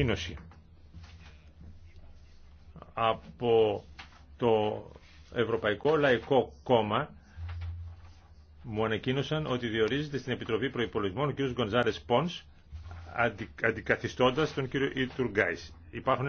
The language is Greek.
ανακοίνωση από το Ευρωπαϊκό Λαϊκό Κόμμα μου ανακοίνωσαν ότι διορίζεται στην Επιτροπή Προϋπολογισμών ο κ. Γκονζάρες Πόνς αντικαθιστώντας τον κ. Ιτουργκάης. Υπάρχουν